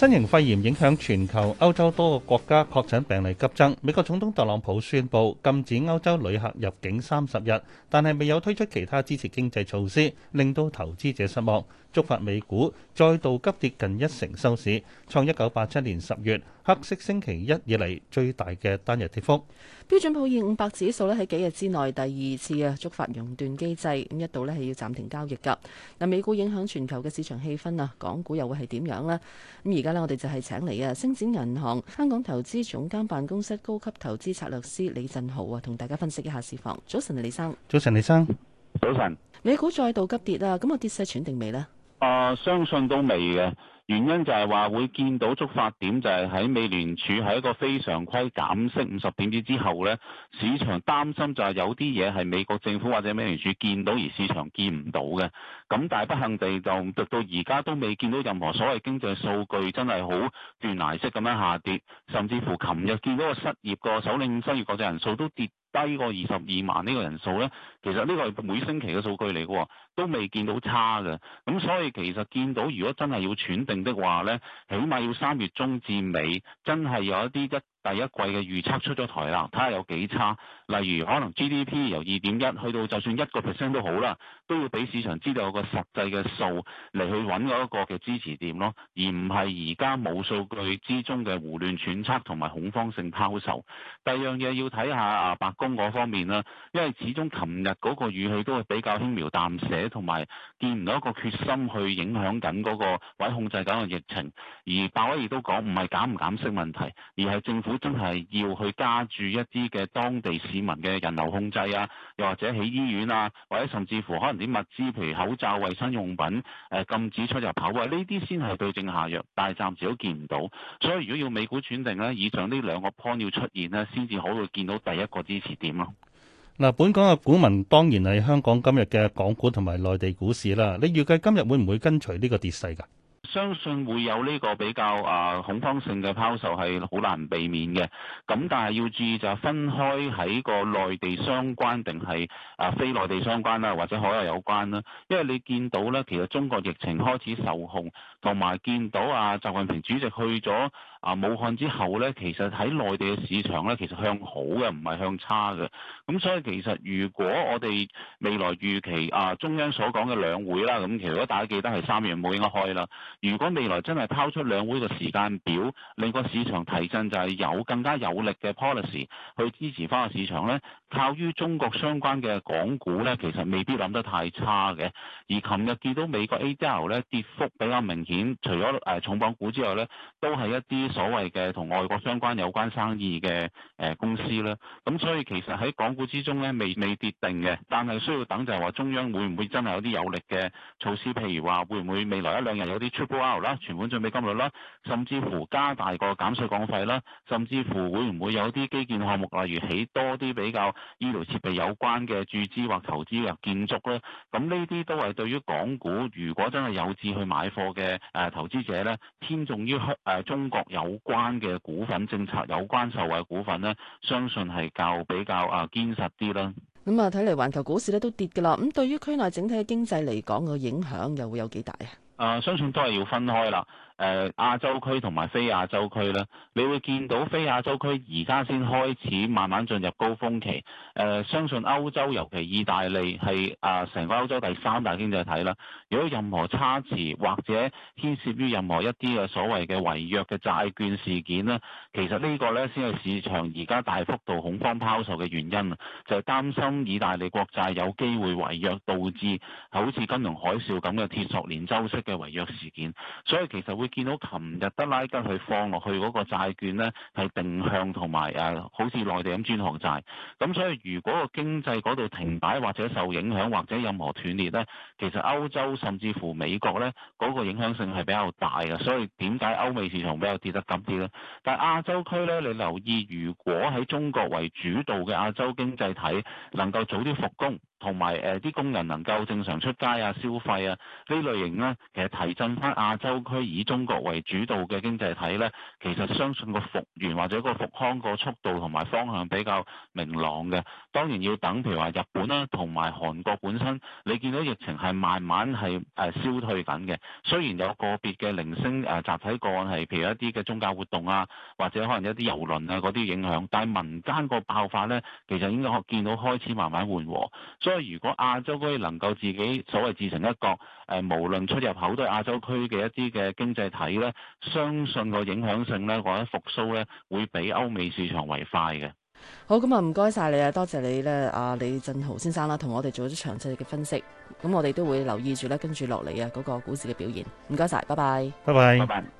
新型肺炎影響全球，歐洲多個國家確診病例急增。美國總統特朗普宣佈，禁止歐洲旅客入境三十日，但係未有推出其他支持經濟措施，令到投資者失望，觸發美股再度急跌近一成收市，創一九八七年十月黑色星期一以嚟最大嘅單日跌幅。標準普爾五百指數呢，喺幾日之內第二次嘅觸發熔斷機制，咁一度呢係要暫停交易㗎。嗱，美股影響全球嘅市場氣氛啊，港股又會係點樣呢？咁而家。我哋就係請嚟啊，星展銀行香港投資總監辦公室高級投資策略師李振豪啊，同大家分析一下市況。早晨李生，早晨李生，早晨。美股再度急跌啊，咁啊，跌勢喘定未呢？啊、呃，相信都未嘅。原因就係話會見到觸發點，就係喺美聯儲喺一個非常規減息五十點子之後呢，市場擔心就係有啲嘢係美國政府或者美聯儲見到，而市場見唔到嘅。咁大不幸地，就直到而家都未見到任何所謂經濟數據真係好斷崖式咁樣下跌，甚至乎琴日見到個失業個首領失業國際人數都跌低過二十二萬呢個人數呢，其實呢個係每星期嘅數據嚟嘅喎。都未見到差嘅，咁所以其實見到如果真係要揣定的話咧，起碼要三月中至尾真係有一啲一第一季嘅預測出咗台啦，睇下有幾差。例如可能 GDP 由二點一去到就算一個 percent 都好啦，都要俾市場知道有個實際嘅數嚟去揾嗰一個嘅支持點咯，而唔係而家冇數據之中嘅胡亂揣測同埋恐慌性拋售。第二樣嘢要睇下啊，白宮嗰方面啦，因為始終琴日嗰個語氣都係比較輕描淡寫。同埋見唔到一個決心去影響緊嗰個或者控制緊個疫情，而鮑威爾亦都講唔係減唔減息問題，而係政府真係要去加注一啲嘅當地市民嘅人流控制啊，又或者喺醫院啊，或者甚至乎可能啲物資，譬如口罩、衞生用品，誒禁止出入口。啊，呢啲先係對症下藥，但係暫時都見唔到，所以如果要美股轉定呢，以上呢兩個波要出現呢，先至好會見到第一個支持點咯。本港嘅股民當然係香港今日嘅港股同埋內地股市啦。你預計今日會唔會跟隨呢個跌勢㗎？相信會有呢個比較啊恐慌性嘅拋售係好難避免嘅，咁但係要注意就係分開喺個內地相關定係啊非內地相關啦，或者海外有關啦。因為你見到呢，其實中國疫情開始受控，同埋見到啊習近平主席去咗啊武漢之後呢，其實喺內地嘅市場呢，其實向好嘅，唔係向差嘅。咁所以其實如果我哋未來預期啊中央所講嘅兩會啦，咁其實如果大家記得係三月五應該開啦。如果未來真係拋出兩會嘅時間表，令個市場提振，就係有更加有力嘅 policy 去支持翻個市場呢，靠於中國相關嘅港股呢，其實未必諗得太差嘅。而琴日見到美國 a d l 呢跌幅比較明顯，除咗誒重磅股之外呢，都係一啲所謂嘅同外國相關有關生意嘅誒公司啦。咁所以其實喺港股之中呢，未未跌定嘅，但係需要等就係話中央會唔會真係有啲有力嘅措施，譬如話會唔會未來一兩日有啲出保額啦、存款準備金率啦，甚至乎加大個減稅降費啦，甚至乎會唔會有啲基建項目，例如起多啲比較醫療設備有關嘅注資或投資嘅建築咧？咁呢啲都係對於港股，如果真係有志去買貨嘅誒投資者咧，偏重於香中國有關嘅股份政策有關受惠股份呢，相信係較比較啊堅實啲啦。咁啊、嗯，睇嚟環球股市咧都跌㗎啦。咁、嗯、對於區內整體嘅經濟嚟講個影響又會有幾大啊？啊、呃，相信都係要分開啦。誒亞洲區同埋非亞洲區呢，你會見到非亞洲區而家先開始慢慢進入高峰期。誒、呃，相信歐洲尤其意大利係啊成個歐洲第三大經濟體啦。如果任何差池或者牽涉於任何一啲嘅所謂嘅違約嘅債券事件呢，其實呢個呢先係市場而家大幅度恐慌拋售嘅原因，就係、是、擔心意大利國債有機會違約，導致好似金融海嘯咁嘅鐵索連舟式嘅違約事件，所以其實會。見到琴日德拉吉去放落去嗰個債券呢，係定向同埋誒，好似內地咁專項債。咁所以如果個經濟嗰度停擺或者受影響或者任何斷裂呢，其實歐洲甚至乎美國呢，嗰個影響性係比較大嘅。所以點解歐美市場比較跌得急啲呢？但係亞洲區呢，你留意如果喺中國為主導嘅亞洲經濟體能夠早啲復工。同埋誒啲工人能夠正常出街啊、消費啊呢類型呢，其實提振翻亞洲區以中國為主導嘅經濟體呢，其實相信個復原或者個復康個速度同埋方向比較明朗嘅。當然要等譬如話日本啦、啊，同埋韓國本身，你見到疫情係慢慢係誒消退緊嘅。雖然有個別嘅零星誒集體個案係，譬如一啲嘅宗教活動啊，或者可能一啲遊輪啊嗰啲影響，但係民間個爆發呢，其實應該可見到開始慢慢緩和。所以如果亞洲區能夠自己所謂自成一國，誒、呃、無論出入口都係亞洲區嘅一啲嘅經濟體咧，相信個影響性咧或者復甦咧，會比歐美市場為快嘅。好咁啊，唔該晒你啊，多謝你咧，阿、啊、李振豪先生啦，同我哋做咗啲詳細嘅分析。咁我哋都會留意住咧，跟住落嚟啊嗰個股市嘅表現。唔該晒，拜拜。拜拜，拜拜。